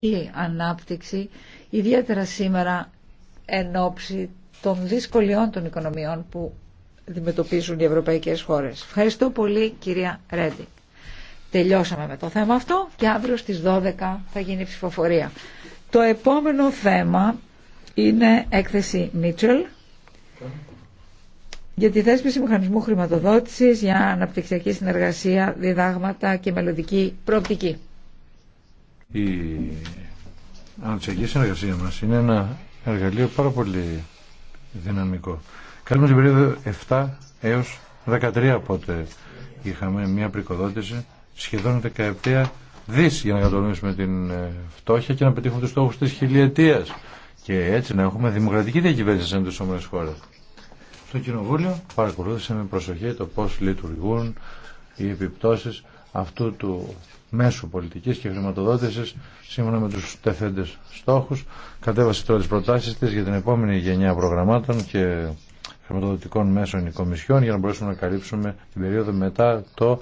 η ανάπτυξη, ιδιαίτερα σήμερα εν ώψη των δυσκολιών των οικονομιών που αντιμετωπίζουν οι ευρωπαϊκές χώρες. Ευχαριστώ πολύ κυρία Ρέντι. Τελειώσαμε με το θέμα αυτό και αύριο στις 12 θα γίνει ψηφοφορία. Το επόμενο θέμα είναι έκθεση Μίτσελ για τη θέσπιση μηχανισμού χρηματοδότησης για αναπτυξιακή συνεργασία, διδάγματα και μελλοντική προοπτική. Η αναπτυξιακή συνεργασία μας είναι ένα εργαλείο πάρα πολύ δυναμικό. Κάνουμε την περίοδο 7 έως 13 πότε είχαμε μια πρικοδότηση σχεδόν 17 δις για να κατονομήσουμε την ε, φτώχεια και να πετύχουμε τους στόχους της χιλιετίας και έτσι να έχουμε δημοκρατική διακυβέρνηση σε τις όμορες χώρες. Στο Κοινοβούλιο παρακολούθησε με προσοχή το πώς λειτουργούν οι επιπτώσεις αυτού του μέσου πολιτικής και χρηματοδότησης σύμφωνα με τους τεθέντες στόχους. Κατέβασε τώρα τις προτάσεις της για την επόμενη γενιά προγραμμάτων και χρηματοδοτικών μέσων οι Κομισιόν για να μπορέσουμε να καλύψουμε την περίοδο μετά το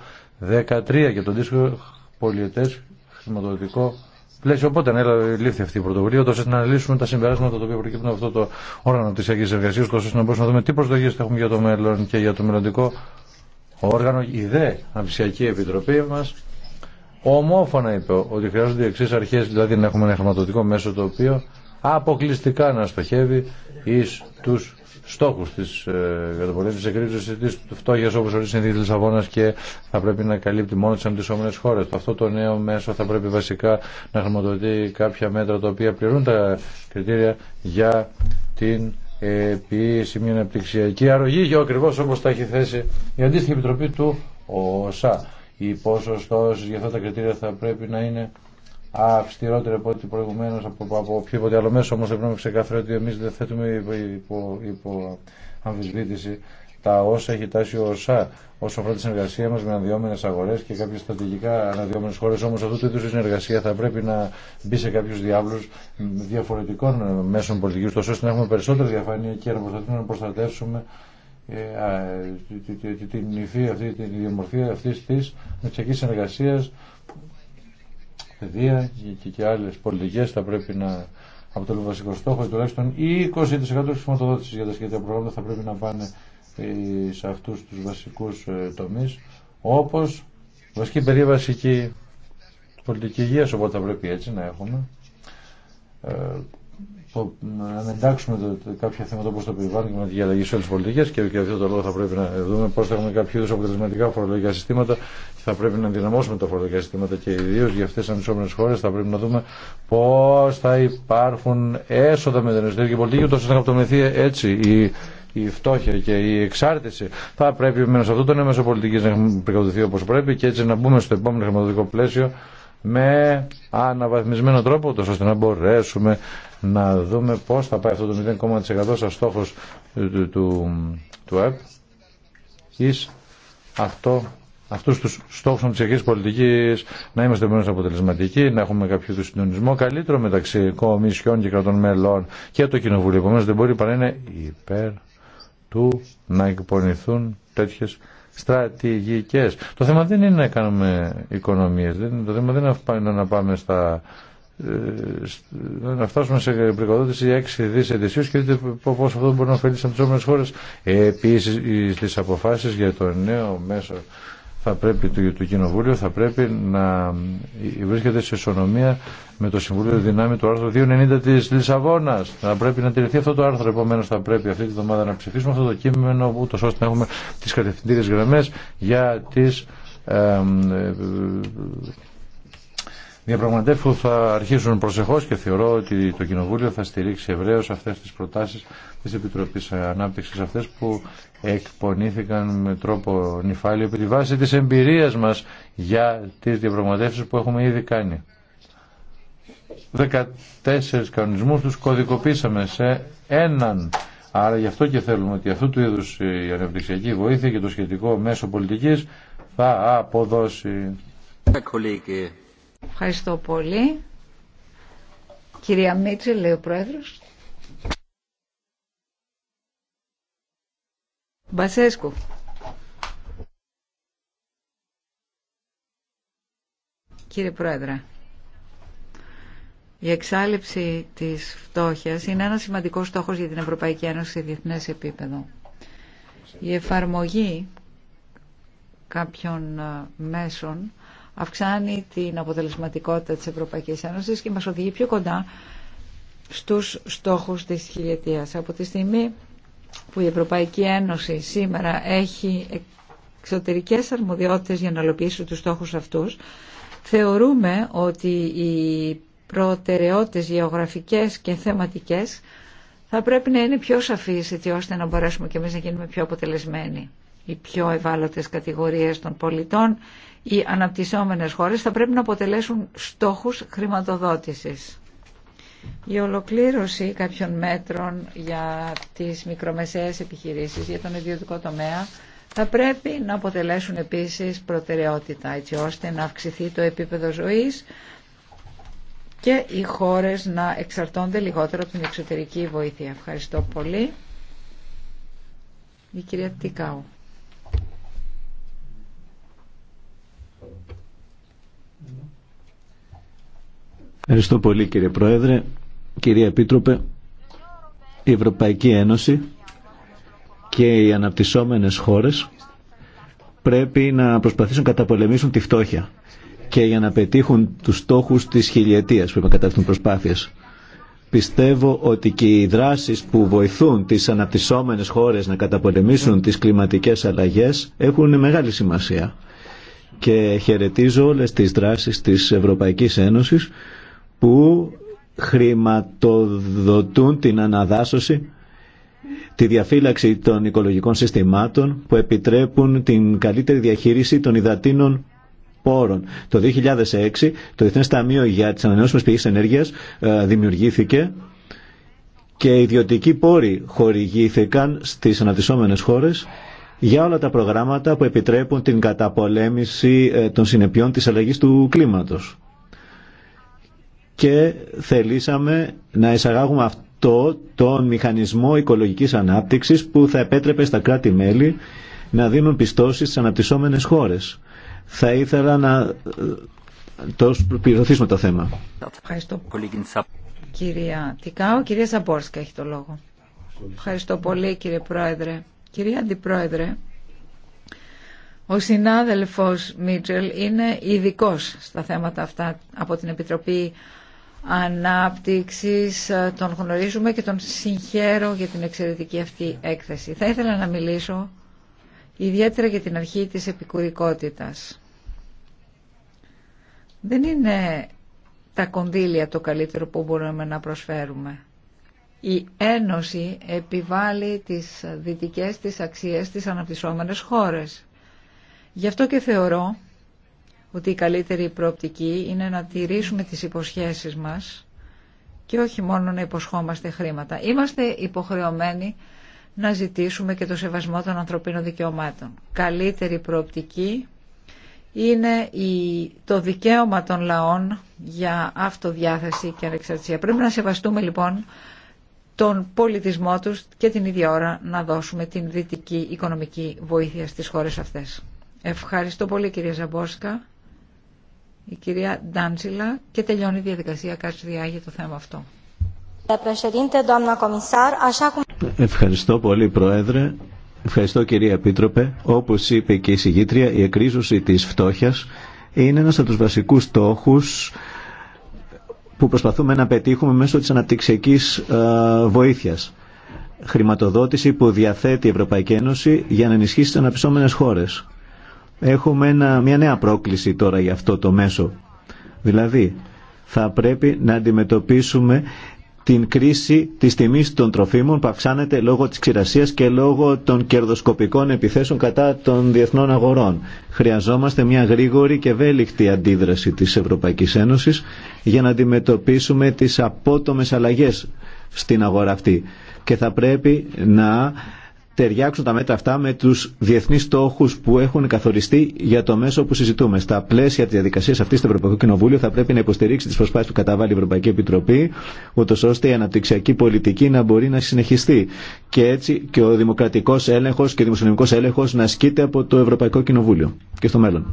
2013 και τον δίσκο πολιετές χρηματοδοτικό πλαίσιο. Οπότε έλαβε ναι, λήφθη αυτή η πρωτοβουλία, ώστε να αναλύσουμε τα συμπεράσματα τα οποία προκύπτουν από αυτό το όργανο τη Αγία Εργασία, ώστε να μπορούμε να δούμε τι προσδοκίε θα έχουμε για το μέλλον και για το μελλοντικό όργανο, η ΔΕ Αμφισιακή Επιτροπή μα, ομόφωνα είπε ότι χρειάζονται οι εξής αρχές, δηλαδή να έχουμε ένα χρηματοδοτικό μέσο το οποίο αποκλειστικά να στοχεύει εις τους στόχους της ε, τη εκρίζωσης τη φτώχεια όπως ορίζει η συνθήκη τη Λισαβόνα και θα πρέπει να καλύπτει μόνο τις αντισώμενε χώρες. Αυτό το νέο μέσο θα πρέπει βασικά να χρηματοδοτεί κάποια μέτρα τα οποία πληρούν τα κριτήρια για την επί μια αναπτυξιακή αρρωγή και ακριβώ όπω τα έχει θέσει η αντίστοιχη επιτροπή του ΟΣΑ. Η ποσοστό για αυτά τα κριτήρια θα πρέπει να είναι αυστηρότερη από ό,τι προηγουμένω από, από οποιοδήποτε άλλο μέσο. Όμω δεν πρέπει να ξεκαθαρίσουμε ότι εμεί δεν θέτουμε υπό, υπό αμφισβήτηση τα όσα έχει τάσει ο ΩΣΑ όσον αφορά τη συνεργασία μα με αναδυόμενε αγορέ και κάποιε στρατηγικά αναδυόμενε χώρε. Όμω αυτού του είδου η συνεργασία θα πρέπει να μπει σε κάποιου διάβλου διαφορετικών μέσων πολιτική, ώστε να έχουμε περισσότερη διαφάνεια και να προσπαθούμε να προστατεύσουμε ε, την υφή αυτή, την ιδιομορφία αυτή τη μεξική συνεργασία, παιδεία και, άλλε πολιτικέ θα πρέπει να αποτελούν βασικό στόχο. Τουλάχιστον 20% τη χρηματοδότηση για τα σχέδια προγράμματα θα πρέπει να πάνε σε αυτούς τους βασικούς ε, τομείς όπως βασική περίβαση και πολιτική υγείας οπότε θα πρέπει έτσι να έχουμε ε, να εντάξουμε κάποια θέματα όπω το περιβάλλον και με τη διαλλαγή σε όλε τι και για αυτό το λόγο θα πρέπει να δούμε πώ θα έχουμε κάποιο είδου αποτελεσματικά φορολογικά συστήματα και θα πρέπει να ενδυναμώσουμε τα φορολογικά συστήματα και ιδίω για αυτέ τι ανισόμενε χώρε θα πρέπει να δούμε πώ θα υπάρχουν έσοδα με την εσωτερική πολιτική, ούτω να αυτομεθεί έτσι η η φτώχεια και η εξάρτηση. Θα πρέπει μέσα σε αυτό το νέο μεσοπολιτική να χρηματοδοτηθεί όπω πρέπει και έτσι να μπούμε στο επόμενο χρηματοδοτικό πλαίσιο με αναβαθμισμένο τρόπο, ώστε να μπορέσουμε να δούμε πώ θα πάει αυτό το 0,1% σαν στόχο του, ΕΠ εις αυτό αυτού του στόχου τη αρχή πολιτική, να είμαστε μόνο αποτελεσματικοί, να έχουμε κάποιο συντονισμό καλύτερο μεταξύ κομισιών και κρατών μελών και το Κοινοβούλιο. Επομένω δεν μπορεί παρά να είναι υπέρ του να εκπονηθούν τέτοιες στρατηγικές. Το θέμα δεν είναι να κάνουμε οικονομίες, δεν, το θέμα δεν είναι να πάμε στα ε, να φτάσουμε σε πρικοδότηση 6 δις ετησίως και δείτε πώς αυτό μπορεί να ωφελήσει από τις όμορες χώρες. Επίσης στις αποφάσεις για το νέο μέσο θα πρέπει, το, το Κοινοβούλιο θα πρέπει να βρίσκεται σε ισονομία με το Συμβούλιο Δυνάμει του άρθρου 290 της Λισαβόνας. Θα πρέπει να τηρηθεί αυτό το άρθρο, επομένω θα πρέπει αυτή τη βδομάδα να ψηφίσουμε αυτό το κείμενο, ούτω ώστε να έχουμε τις κατευθυντήριες γραμμές για τις ε, ε, διαπραγματεύσεις που θα αρχίσουν προσεχώς και θεωρώ ότι το Κοινοβούλιο θα στηρίξει ευρέως αυτές τις προτάσεις της Επιτροπής Ανάπτυξης αυτές που εκπονήθηκαν με τρόπο νυφάλιο επί τη βάση της εμπειρίας μας για τις διαπραγματεύσεις που έχουμε ήδη κάνει. 14 κανονισμούς τους κωδικοποίησαμε σε έναν Άρα γι' αυτό και θέλουμε ότι αυτού του είδους η αναπτυξιακή βοήθεια και το σχετικό μέσο πολιτικής θα αποδώσει. Ευχαριστώ πολύ. Κυρία Μίτσε, λέει ο Πρόεδρος. Μπασέσκου. Κύριε Πρόεδρε, η εξάλληψη της φτώχειας είναι ένα σημαντικό στόχος για την Ευρωπαϊκή Ένωση σε διεθνές επίπεδο. Η εφαρμογή κάποιων ε, μέσων αυξάνει την αποτελεσματικότητα της Ευρωπαϊκής Ένωσης και μας οδηγεί πιο κοντά στους στόχους της χιλιετίας. Από τη στιγμή που η Ευρωπαϊκή Ένωση σήμερα έχει εξωτερικές αρμοδιότητες για να ολοποιήσει τους στόχους αυτούς, θεωρούμε ότι οι προτεραιότητες γεωγραφικές και θεματικές θα πρέπει να είναι πιο σαφείς έτσι ώστε να μπορέσουμε και εμείς να γίνουμε πιο αποτελεσμένοι οι πιο ευάλωτες κατηγορίες των πολιτών, οι αναπτυσσόμενες χώρες θα πρέπει να αποτελέσουν στόχους χρηματοδότησης. Η ολοκλήρωση κάποιων μέτρων για τις μικρομεσαίες επιχειρήσεις, για τον ιδιωτικό τομέα, θα πρέπει να αποτελέσουν επίσης προτεραιότητα, έτσι ώστε να αυξηθεί το επίπεδο ζωής και οι χώρες να εξαρτώνται λιγότερο από την εξωτερική βοήθεια. Ευχαριστώ πολύ. Η κυρία Τικάου. Ευχαριστώ πολύ κύριε Πρόεδρε. Κυρία Επίτροπε, η Ευρωπαϊκή Ένωση και οι αναπτυσσόμενες χώρες πρέπει να προσπαθήσουν να καταπολεμήσουν τη φτώχεια και για να πετύχουν τους στόχους της χιλιετίας που να την προσπάθειες. Πιστεύω ότι και οι δράσεις που βοηθούν τις αναπτυσσόμενες χώρες να καταπολεμήσουν τις κλιματικές αλλαγές έχουν μεγάλη σημασία. Και χαιρετίζω όλες τις δράσεις της Ευρωπαϊκής Ένωσης που χρηματοδοτούν την αναδάσωση, τη διαφύλαξη των οικολογικών συστημάτων που επιτρέπουν την καλύτερη διαχείριση των υδατίνων πόρων. Το 2006 το Διεθνές Ταμείο για τις Ανανεώσιμες Πηγές Ενέργειας ε, δημιουργήθηκε και ιδιωτικοί πόροι χορηγήθηκαν στις αναπτυσσόμενες χώρες για όλα τα προγράμματα που επιτρέπουν την καταπολέμηση ε, των συνεπειών της αλλαγής του κλίματος και θελήσαμε να εισαγάγουμε αυτό τον μηχανισμό οικολογικής ανάπτυξης που θα επέτρεπε στα κράτη-μέλη να δίνουν πιστώσεις στις αναπτυσσόμενες χώρες. Θα ήθελα να ε, το πληρωθήσουμε το θέμα. Ευχαριστώ. Κυρία κυρία Σαμπόρσκα έχει το λόγο. Ευχαριστώ πολύ κύριε Πρόεδρε. Κυρία Αντιπρόεδρε, ο συνάδελφος Μίτσελ είναι ειδικό στα θέματα αυτά από την Επιτροπή ανάπτυξης. Ε, τον γνωρίζουμε και τον συγχαίρω για την εξαιρετική αυτή έκθεση. Θα ήθελα να μιλήσω ιδιαίτερα για την αρχή της επικουρικότητας. Δεν είναι τα κονδύλια το καλύτερο που μπορούμε να προσφέρουμε. Η Ένωση επιβάλλει τις δυτικές της αξίες της αναπτυσσόμενες χώρες. Γι' αυτό και θεωρώ ότι η καλύτερη προοπτική είναι να τηρήσουμε τις υποσχέσεις μας και όχι μόνο να υποσχόμαστε χρήματα. Είμαστε υποχρεωμένοι να ζητήσουμε και το σεβασμό των ανθρωπίνων δικαιωμάτων. Καλύτερη προοπτική είναι το δικαίωμα των λαών για αυτοδιάθεση και ανεξαρτησία. Πρέπει να σεβαστούμε λοιπόν τον πολιτισμό τους και την ίδια ώρα να δώσουμε την δυτική οικονομική βοήθεια στις χώρες αυτές. Ευχαριστώ πολύ κυρία Ζαμπόσκα η κυρία Ντάντζιλα και τελειώνει η διαδικασία Καρσδιά για το θέμα αυτό. Ευχαριστώ πολύ Πρόεδρε. Ευχαριστώ κυρία Επίτροπε. Όπως είπε και η συγγήτρια, η εκρίζωση της φτώχειας είναι ένας από τους βασικούς στόχους που προσπαθούμε να πετύχουμε μέσω της αναπτυξιακής ε, βοήθειας. Χρηματοδότηση που διαθέτει η Ευρωπαϊκή Ένωση για να ενισχύσει τις αναπτυσσόμενες χώρες έχουμε μια νέα πρόκληση τώρα για αυτό το μέσο. Δηλαδή, θα πρέπει να αντιμετωπίσουμε την κρίση της τιμής των τροφίμων που αυξάνεται λόγω της ξηρασίας και λόγω των κερδοσκοπικών επιθέσεων κατά των διεθνών αγορών. Χρειαζόμαστε μια γρήγορη και βέληκτη αντίδραση της Ευρωπαϊκής Ένωσης για να αντιμετωπίσουμε τις απότομες αλλαγές στην αγορά αυτή. Και θα πρέπει να ταιριάξουν τα μέτρα αυτά με του διεθνεί στόχου που έχουν καθοριστεί για το μέσο που συζητούμε. Στα πλαίσια τη διαδικασία αυτή του Ευρωπαϊκό Κοινοβούλιο θα πρέπει να υποστηρίξει τι προσπάθειε που καταβάλει η Ευρωπαϊκή Επιτροπή, ούτω ώστε η αναπτυξιακή πολιτική να μπορεί να συνεχιστεί. Και έτσι και ο δημοκρατικό έλεγχο και ο δημοσιονομικό έλεγχο να ασκείται από το Ευρωπαϊκό Κοινοβούλιο και στο μέλλον.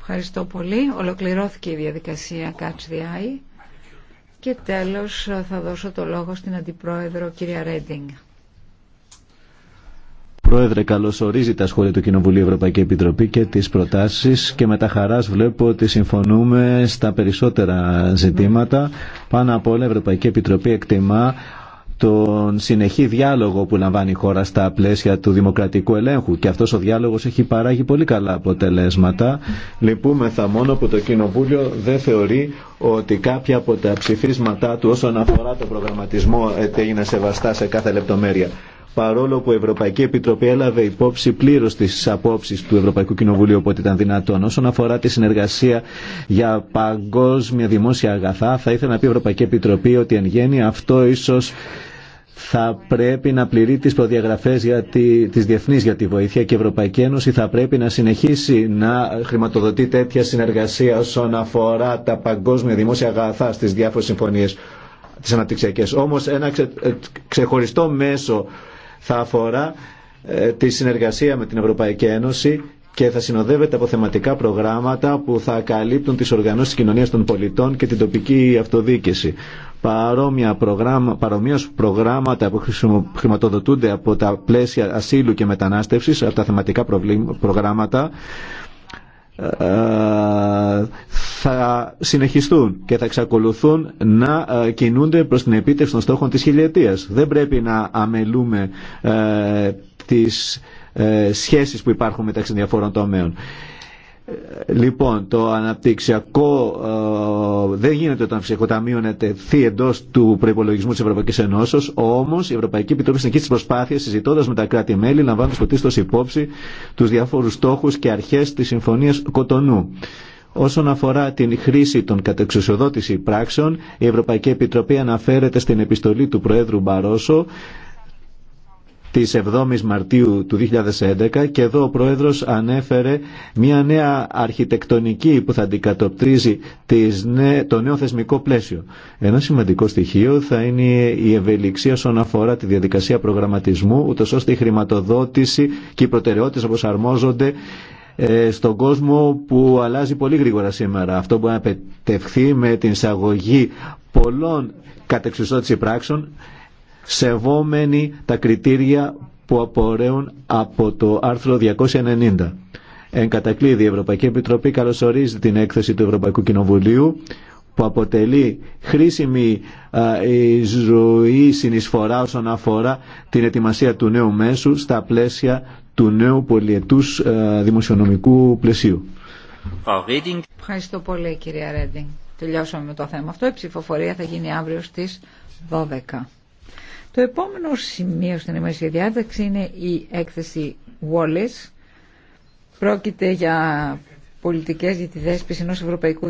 Ευχαριστώ πολύ. Ολοκληρώθηκε η διαδικασία Catch the Eye. Και τέλος θα δώσω το λόγο στην Αντιπρόεδρο κυρία Ρέντινγκ. Πρόεδρε, καλωσορίζει τα σχόλια του Κοινοβουλίου Ευρωπαϊκή Επιτροπή και τι προτάσει, και με τα χαρά βλέπω ότι συμφωνούμε στα περισσότερα ζητήματα. Πάνω από όλα η Ευρωπαϊκή Επιτροπή εκτιμά τον συνεχή διάλογο που λαμβάνει η χώρα στα πλαίσια του δημοκρατικού ελέγχου και αυτός ο διάλογος έχει παράγει πολύ καλά αποτελέσματα. Λυπούμεθα μόνο που το Κοινοβούλιο δεν θεωρεί ότι κάποια από τα ψηφίσματά του όσον αφορά το προγραμματισμό ε, έγιναν σεβαστά σε κάθε λεπτομέρεια παρόλο που η Ευρωπαϊκή Επιτροπή έλαβε υπόψη πλήρω τι απόψει του Ευρωπαϊκού Κοινοβουλίου όποτε ήταν δυνατόν. Όσον αφορά τη συνεργασία για παγκόσμια δημόσια αγαθά, θα ήθελα να πει η Ευρωπαϊκή Επιτροπή ότι εν γέννη αυτό ίσω θα πρέπει να πληρεί τις προδιαγραφές τη, διεθνή για τη βοήθεια και η Ευρωπαϊκή Ένωση θα πρέπει να συνεχίσει να χρηματοδοτεί τέτοια συνεργασία όσον αφορά τα παγκόσμια δημόσια αγαθά στις διάφορες τις αναπτυξιακές. Όμως ένα ε, ξεχωριστό μέσο θα αφορά ε, τη συνεργασία με την Ευρωπαϊκή Ένωση και θα συνοδεύεται από θεματικά προγράμματα που θα καλύπτουν τις οργανώσεις κοινωνίας των πολιτών και την τοπική αυτοδίκηση. Παρόμοια προγράμμα, παρομοίως προγράμματα που χρηματοδοτούνται από τα πλαίσια ασύλου και μετανάστευσης, από τα θεματικά προγράμματα, θα συνεχιστούν και θα εξακολουθούν να ε, κινούνται προς την επίτευξη των στόχων της χιλιετίας. Δεν πρέπει να αμελούμε ε, τις ε, σχέσεις που υπάρχουν μεταξύ διαφόρων τομέων. Λοιπόν, το αναπτυξιακό ε, δεν γίνεται όταν ψυχοταμείωνεται θύ εντό του προπολογισμού τη Ευρωπαϊκή Ενώσεω. Όμω, η Ευρωπαϊκή Επιτροπή συνεχίζει τι προσπάθειε συζητώντα με τα κράτη-μέλη, λαμβάνοντα πρωτίστω υπόψη του διάφορου στόχου και αρχέ τη Συμφωνία Κοτονού. Όσον αφορά την χρήση των κατεξουσιοδότηση πράξεων, η Ευρωπαϊκή Επιτροπή αναφέρεται στην επιστολή του Προέδρου Μπαρόσο της 7 η Μαρτίου του 2011 και εδώ ο Πρόεδρος ανέφερε μια νέα αρχιτεκτονική που θα αντικατοπτρίζει το νέο θεσμικό πλαίσιο. Ένα σημαντικό στοιχείο θα είναι η ευελιξία όσον αφορά τη διαδικασία προγραμματισμού, ούτως ώστε η χρηματοδότηση και οι προτεραιότητες όπως αρμόζονται ε, στον κόσμο που αλλάζει πολύ γρήγορα σήμερα. Αυτό μπορεί να με την εισαγωγή πολλών κατεξουσότηση πράξεων σεβόμενοι τα κριτήρια που απορρέουν από το άρθρο 290. Εν κατακλείδη, η Ευρωπαϊκή Επιτροπή καλωσορίζει την έκθεση του Ευρωπαϊκού Κοινοβουλίου που αποτελεί χρήσιμη η ζωή συνεισφορά όσον αφορά την ετοιμασία του νέου μέσου στα πλαίσια του νέου πολιετούς δημοσιονομικού πλαισίου. Ευχαριστώ πολύ κυρία Ρέντινγκ. Τελειώσαμε με το θέμα αυτό. Η ψηφοφορία θα γίνει αύριο στις 12. Το επόμενο σημείο στην εμέσια διάταξη είναι η έκθεση Wallace. Πρόκειται για πολιτικές για τη δέσπιση ενός ευρωπαϊκού